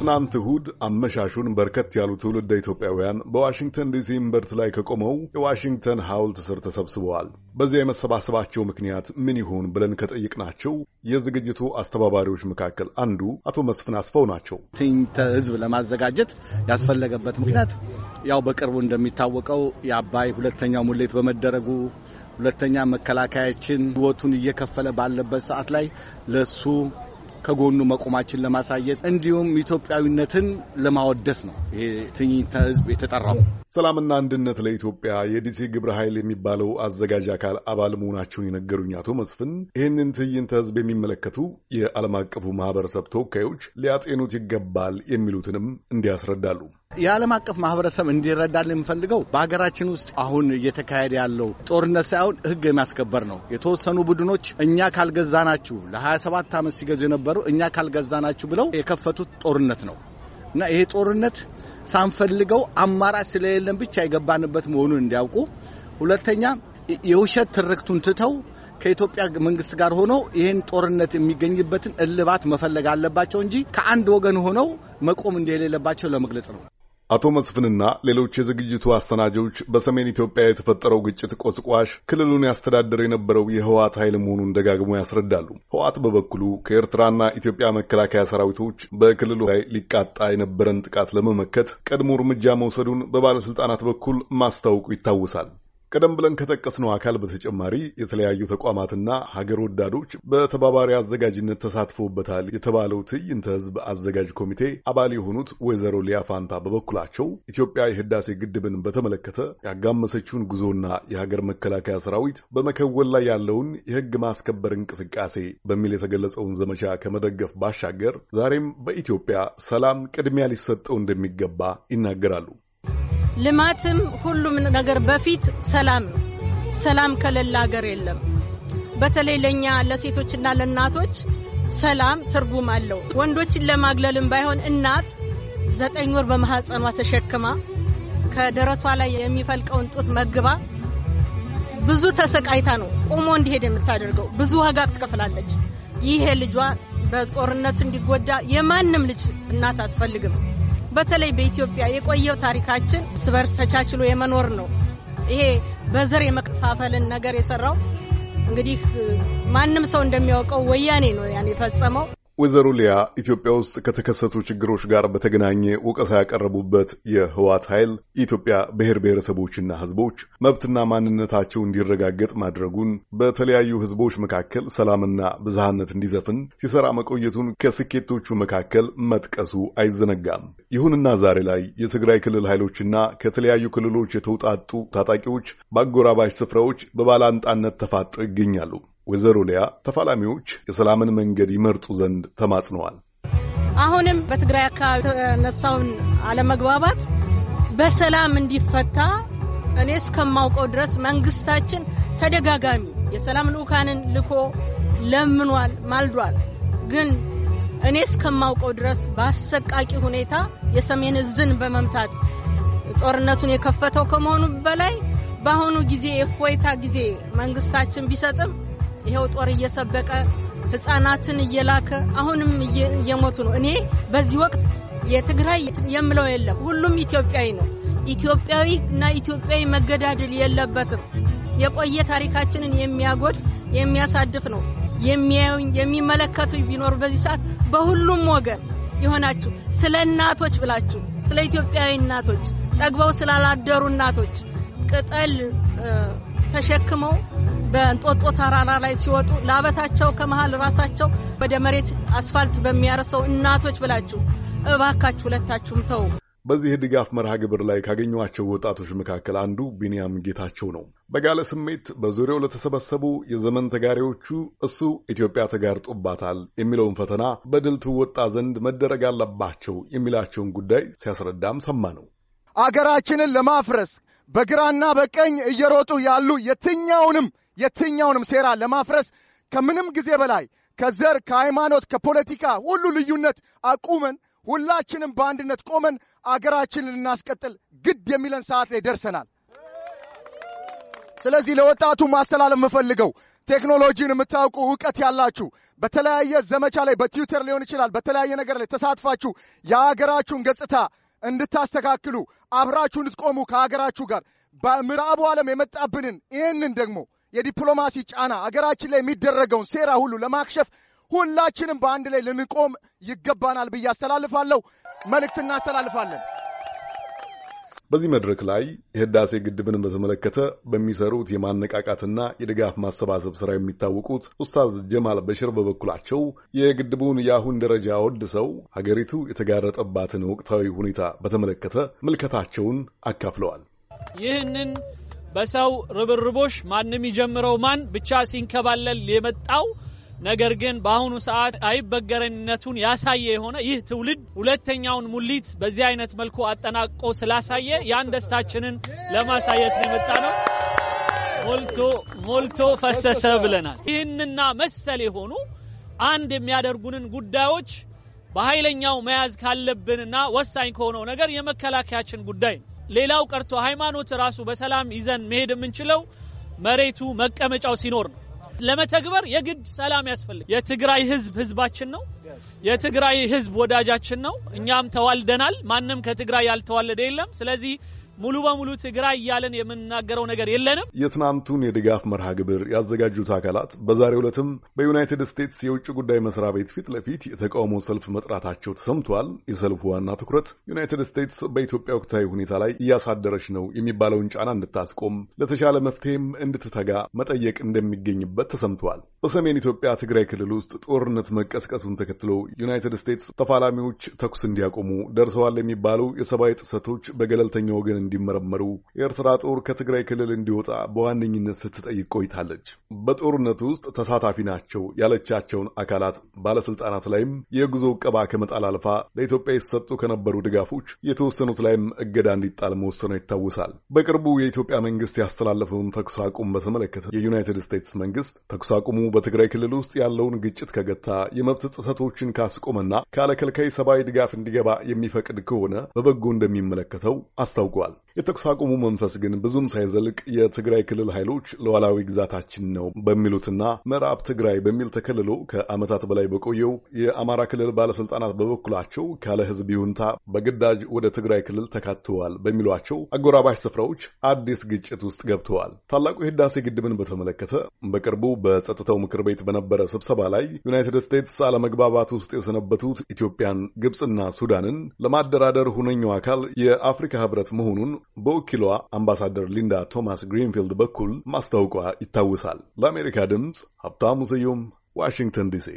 ትናንት እሁድ አመሻሹን በርከት ያሉ ትውልደ ኢትዮጵያውያን በዋሽንግተን ዲሲ እምብርት ላይ ከቆመው የዋሽንግተን ሐውልት ስር ተሰብስበዋል። በዚያ የመሰባሰባቸው ምክንያት ምን ይሆን ብለን ከጠየቅናቸው የዝግጅቱ አስተባባሪዎች መካከል አንዱ አቶ መስፍን አስፈው ናቸው። ትዕይንተ ሕዝብ ለማዘጋጀት ያስፈለገበት ምክንያት ያው በቅርቡ እንደሚታወቀው የአባይ ሁለተኛው ሙሌት በመደረጉ ሁለተኛ መከላከያችን ህይወቱን እየከፈለ ባለበት ሰዓት ላይ ለሱ ከጎኑ መቆማችን ለማሳየት እንዲሁም ኢትዮጵያዊነትን ለማወደስ ነው ይሄ ትዕይንተ ህዝብ የተጠራው። ሰላምና አንድነት ለኢትዮጵያ የዲሲ ግብረ ኃይል የሚባለው አዘጋጅ አካል አባል መሆናቸውን የነገሩኝ አቶ መስፍን ይህንን ትዕይንተ ህዝብ የሚመለከቱ የዓለም አቀፉ ማህበረሰብ ተወካዮች ሊያጤኑት ይገባል የሚሉትንም እንዲያስረዳሉ። የዓለም አቀፍ ማህበረሰብ እንዲረዳል የምፈልገው በሀገራችን ውስጥ አሁን እየተካሄደ ያለው ጦርነት ሳይሆን ህግ የሚያስከበር ነው። የተወሰኑ ቡድኖች እኛ ካልገዛናችሁ ለ27 ዓመት ሲገዙ የነበሩ እኛ ካልገዛ ናችሁ ብለው የከፈቱት ጦርነት ነው እና ይሄ ጦርነት ሳንፈልገው አማራጭ ስለሌለን ብቻ የገባንበት መሆኑን እንዲያውቁ፣ ሁለተኛ የውሸት ትርክቱን ትተው ከኢትዮጵያ መንግስት ጋር ሆነው ይህን ጦርነት የሚገኝበትን እልባት መፈለግ አለባቸው እንጂ ከአንድ ወገን ሆነው መቆም እንደሌለባቸው ለመግለጽ ነው። አቶ መስፍንና ሌሎች የዝግጅቱ አሰናጆች በሰሜን ኢትዮጵያ የተፈጠረው ግጭት ቆስቋሽ ክልሉን ያስተዳደር የነበረው የህወሓት ኃይል መሆኑን ደጋግሞ ያስረዳሉ። ህወሓት በበኩሉ ከኤርትራና ኢትዮጵያ መከላከያ ሰራዊቶች በክልሉ ላይ ሊቃጣ የነበረን ጥቃት ለመመከት ቀድሞ እርምጃ መውሰዱን በባለስልጣናት በኩል ማስታወቁ ይታወሳል። ቀደም ብለን ከጠቀስነው አካል በተጨማሪ የተለያዩ ተቋማትና ሀገር ወዳዶች በተባባሪ አዘጋጅነት ተሳትፎበታል የተባለው ትዕይንተ ህዝብ አዘጋጅ ኮሚቴ አባል የሆኑት ወይዘሮ ሊያፋንታ በበኩላቸው ኢትዮጵያ የህዳሴ ግድብን በተመለከተ ያጋመሰችውን ጉዞና የሀገር መከላከያ ሰራዊት በመከወል ላይ ያለውን የህግ ማስከበር እንቅስቃሴ በሚል የተገለጸውን ዘመቻ ከመደገፍ ባሻገር ዛሬም በኢትዮጵያ ሰላም ቅድሚያ ሊሰጠው እንደሚገባ ይናገራሉ። ልማትም ሁሉም ነገር በፊት ሰላም ነው። ሰላም ከሌለ ሀገር የለም። በተለይ ለእኛ ለሴቶችና ለእናቶች ሰላም ትርጉም አለው። ወንዶችን ለማግለልም ባይሆን እናት ዘጠኝ ወር በማህፀኗ ተሸክማ ከደረቷ ላይ የሚፈልቀውን ጡት መግባ ብዙ ተሰቃይታ ነው ቆሞ እንዲሄድ የምታደርገው። ብዙ ዋጋ ትከፍላለች። ይሄ ልጇ በጦርነት እንዲጎዳ የማንም ልጅ እናት አትፈልግም። በተለይ በኢትዮጵያ የቆየው ታሪካችን እርስ በርስ ተቻችሎ የመኖር ነው። ይሄ በዘር የመከፋፈልን ነገር የሰራው እንግዲህ ማንም ሰው እንደሚያውቀው ወያኔ ነው ያን የፈጸመው። ወይዘሮ ሊያ ኢትዮጵያ ውስጥ ከተከሰቱ ችግሮች ጋር በተገናኘ ወቀሳ ያቀረቡበት የህዋት ኃይል የኢትዮጵያ ብሔር ብሔረሰቦችና ህዝቦች መብትና ማንነታቸው እንዲረጋገጥ ማድረጉን፣ በተለያዩ ህዝቦች መካከል ሰላምና ብዝሃነት እንዲዘፍን ሲሰራ መቆየቱን ከስኬቶቹ መካከል መጥቀሱ አይዘነጋም። ይሁንና ዛሬ ላይ የትግራይ ክልል ኃይሎችና ከተለያዩ ክልሎች የተውጣጡ ታጣቂዎች በአጎራባሽ ስፍራዎች በባላንጣነት ተፋጠው ይገኛሉ። ወይዘሮ ሊያ ተፋላሚዎች የሰላምን መንገድ ይመርጡ ዘንድ ተማጽነዋል። አሁንም በትግራይ አካባቢ የተነሳውን አለመግባባት በሰላም እንዲፈታ እኔ እስከማውቀው ድረስ መንግስታችን ተደጋጋሚ የሰላም ልዑካንን ልኮ ለምኗል፣ ማልዷል። ግን እኔ እስከማውቀው ድረስ በአሰቃቂ ሁኔታ የሰሜን እዝን በመምታት ጦርነቱን የከፈተው ከመሆኑ በላይ በአሁኑ ጊዜ የእፎይታ ጊዜ መንግስታችን ቢሰጥም ይኸው ጦር እየሰበቀ ህጻናትን እየላከ አሁንም እየሞቱ ነው። እኔ በዚህ ወቅት የትግራይ የምለው የለም፣ ሁሉም ኢትዮጵያዊ ነው። ኢትዮጵያዊ እና ኢትዮጵያዊ መገዳደል የለበትም። የቆየ ታሪካችንን የሚያጎድፍ የሚያሳድፍ ነው። የሚያዩኝ የሚመለከቱ ቢኖር በዚህ ሰዓት በሁሉም ወገን የሆናችሁ ስለ እናቶች ብላችሁ ስለ ኢትዮጵያዊ እናቶች ጠግበው ስላላደሩ እናቶች ቅጠል ተሸክመው በእንጦጦ ተራራ ላይ ሲወጡ ላበታቸው ከመሃል ራሳቸው ወደ መሬት አስፋልት በሚያርሰው እናቶች ብላችሁ እባካችሁ ሁለታችሁም ተው። በዚህ ድጋፍ መርሃ ግብር ላይ ካገኟቸው ወጣቶች መካከል አንዱ ቢንያም ጌታቸው ነው። በጋለ ስሜት በዙሪያው ለተሰበሰቡ የዘመን ተጋሪዎቹ እሱ ኢትዮጵያ ተጋርጦባታል የሚለውን ፈተና በድል ትወጣ ዘንድ መደረግ አለባቸው የሚላቸውን ጉዳይ ሲያስረዳም ሰማ ነው። አገራችንን ለማፍረስ በግራና በቀኝ እየሮጡ ያሉ የትኛውንም የትኛውንም ሴራ ለማፍረስ ከምንም ጊዜ በላይ ከዘር፣ ከሃይማኖት፣ ከፖለቲካ ሁሉ ልዩነት አቁመን ሁላችንም በአንድነት ቆመን አገራችንን ልናስቀጥል ግድ የሚለን ሰዓት ላይ ደርሰናል። ስለዚህ ለወጣቱ ማስተላለፍ የምፈልገው ቴክኖሎጂን የምታውቁ እውቀት ያላችሁ በተለያየ ዘመቻ ላይ በትዊተር ሊሆን ይችላል፣ በተለያየ ነገር ላይ ተሳትፋችሁ የሀገራችሁን ገጽታ እንድታስተካክሉ አብራችሁ እንድትቆሙ ከሀገራችሁ ጋር በምዕራቡ ዓለም የመጣብንን ይህንን ደግሞ የዲፕሎማሲ ጫና፣ አገራችን ላይ የሚደረገውን ሴራ ሁሉ ለማክሸፍ ሁላችንም በአንድ ላይ ልንቆም ይገባናል ብዬ አስተላልፋለሁ። መልእክት እናስተላልፋለን። በዚህ መድረክ ላይ የህዳሴ ግድብን በተመለከተ በሚሰሩት የማነቃቃትና የድጋፍ ማሰባሰብ ስራ የሚታወቁት ኡስታዝ ጀማል በሽር በበኩላቸው የግድቡን የአሁን ደረጃ ወድሰው ሀገሪቱ የተጋረጠባትን ወቅታዊ ሁኔታ በተመለከተ ምልከታቸውን አካፍለዋል። ይህንን በሰው ርብርቦሽ ማንም ይጀምረው ማን ብቻ ሲንከባለል የመጣው ነገር ግን በአሁኑ ሰዓት አይበገረኝነቱን ያሳየ የሆነ ይህ ትውልድ ሁለተኛውን ሙሊት በዚህ አይነት መልኩ አጠናቆ ስላሳየ ያን ደስታችንን ለማሳየት ነው የመጣ ነው። ሞልቶ ሞልቶ ፈሰሰ ብለናል። ይህንና መሰል የሆኑ አንድ የሚያደርጉንን ጉዳዮች በኃይለኛው መያዝ ካለብንና ወሳኝ ከሆነው ነገር የመከላከያችን ጉዳይ ነው። ሌላው ቀርቶ ሃይማኖት ራሱ በሰላም ይዘን መሄድ የምንችለው መሬቱ መቀመጫው ሲኖር ነው። ለመተግበር የግድ ሰላም ያስፈልግ። የትግራይ ህዝብ ህዝባችን ነው። የትግራይ ህዝብ ወዳጃችን ነው። እኛም ተዋልደናል። ማንም ከትግራይ ያልተዋለደ የለም። ስለዚህ ሙሉ በሙሉ ትግራይ እያለን የምንናገረው ነገር የለንም። የትናንቱን የድጋፍ መርሃ ግብር ያዘጋጁት አካላት በዛሬው ዕለትም በዩናይትድ ስቴትስ የውጭ ጉዳይ መስሪያ ቤት ፊት ለፊት የተቃውሞ ሰልፍ መጥራታቸው ተሰምቷል። የሰልፉ ዋና ትኩረት ዩናይትድ ስቴትስ በኢትዮጵያ ወቅታዊ ሁኔታ ላይ እያሳደረች ነው የሚባለውን ጫና እንድታስቆም፣ ለተሻለ መፍትሄም እንድትተጋ መጠየቅ እንደሚገኝበት ተሰምቷል። በሰሜን ኢትዮጵያ ትግራይ ክልል ውስጥ ጦርነት መቀስቀሱን ተከትሎ ዩናይትድ ስቴትስ ተፋላሚዎች ተኩስ እንዲያቆሙ ደርሰዋል የሚባሉ የሰብአዊ ጥሰቶች በገለልተኛ ወገን እንዲመረመሩ የኤርትራ ጦር ከትግራይ ክልል እንዲወጣ በዋነኝነት ስትጠይቅ ቆይታለች። በጦርነት ውስጥ ተሳታፊ ናቸው ያለቻቸውን አካላት ባለስልጣናት ላይም የጉዞ እቀባ ከመጣል አልፋ ለኢትዮጵያ የተሰጡ ከነበሩ ድጋፎች የተወሰኑት ላይም እገዳ እንዲጣል መወሰኑ ይታወሳል። በቅርቡ የኢትዮጵያ መንግስት ያስተላለፈውን ተኩስ አቁም በተመለከተ የዩናይትድ ስቴትስ መንግስት ተኩስ አቁሙ በትግራይ ክልል ውስጥ ያለውን ግጭት ከገታ የመብት ጥሰቶችን ካስቆመና ካለከልካይ ሰብአዊ ድጋፍ እንዲገባ የሚፈቅድ ከሆነ በበጎ እንደሚመለከተው አስታውቋል። የተኩስ አቁሙ መንፈስ ግን ብዙም ሳይዘልቅ የትግራይ ክልል ኃይሎች ሉዓላዊ ግዛታችን ነው በሚሉትና ምዕራብ ትግራይ በሚል ተከልሎ ከዓመታት በላይ በቆየው የአማራ ክልል ባለስልጣናት በበኩላቸው ካለ ሕዝብ ይሁንታ በግዳጅ ወደ ትግራይ ክልል ተካትተዋል በሚሏቸው አጎራባሽ ስፍራዎች አዲስ ግጭት ውስጥ ገብተዋል። ታላቁ የህዳሴ ግድብን በተመለከተ በቅርቡ በጸጥታው ምክር ቤት በነበረ ስብሰባ ላይ ዩናይትድ ስቴትስ አለመግባባት ውስጥ የሰነበቱት ኢትዮጵያን፣ ግብፅና ሱዳንን ለማደራደር ሁነኛው አካል የአፍሪካ ህብረት መሆኑን መሆኑን በወኪሏ አምባሳደር ሊንዳ ቶማስ ግሪንፊልድ በኩል ማስታወቋ ይታወሳል። ለአሜሪካ ድምፅ ሀብታሙ ስዩም ዋሽንግተን ዲሲ